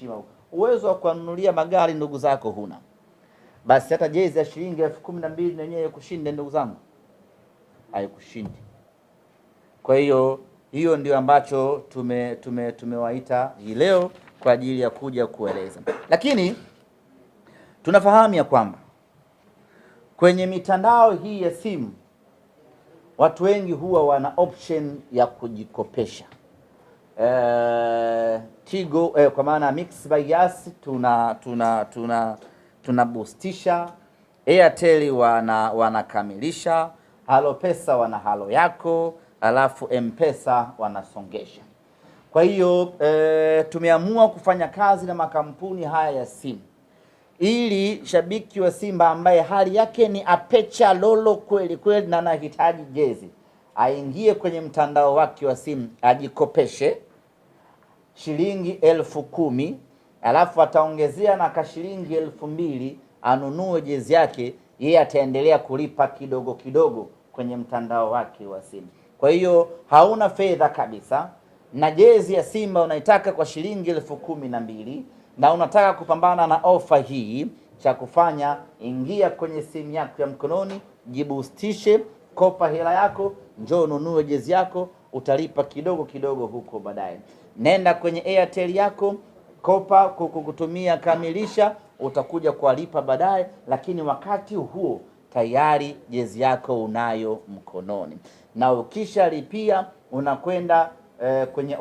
mheshimiwa huko, uwezo wa kuwanunulia magari ndugu zako huna, basi hata jezi ya shilingi elfu kumi na mbili na yenyewe kushinde ndugu zangu, haikushindi. Kwa hiyo hiyo ndio ambacho tume tume tumewaita hii leo kwa ajili ya kuja kueleza, lakini tunafahamu ya kwamba kwenye mitandao hii ya simu watu wengi huwa wana option ya kujikopesha eh, Tigo eh, kwa maana Mix by Yas tuna tuna tuna tunabustisha, Airtel wana wanakamilisha, Halo Pesa wana halo yako, alafu Mpesa wanasongesha. Kwa hiyo eh, tumeamua kufanya kazi na makampuni haya ya simu ili shabiki wa Simba ambaye hali yake ni apecha lolo kweli kweli na anahitaji jezi aingie kwenye mtandao wake wa simu ajikopeshe shilingi elfu kumi alafu ataongezea na kashilingi elfu mbili anunue jezi yake, yeye ataendelea kulipa kidogo kidogo kwenye mtandao wake wa simu. Kwa hiyo hauna fedha kabisa, na jezi ya Simba unaitaka kwa shilingi elfu kumi na mbili na unataka kupambana na ofa hii, cha kufanya ingia kwenye simu yako ya mkononi, jibustishe, kopa hela yako, njoo ununue jezi yako utalipa kidogo kidogo huko baadaye. Nenda kwenye Airtel yako kopa kukutumia kamilisha, utakuja kuwalipa baadaye, lakini wakati huo tayari jezi yako unayo mkononi, na ukishalipia unakwenda eh, kwenye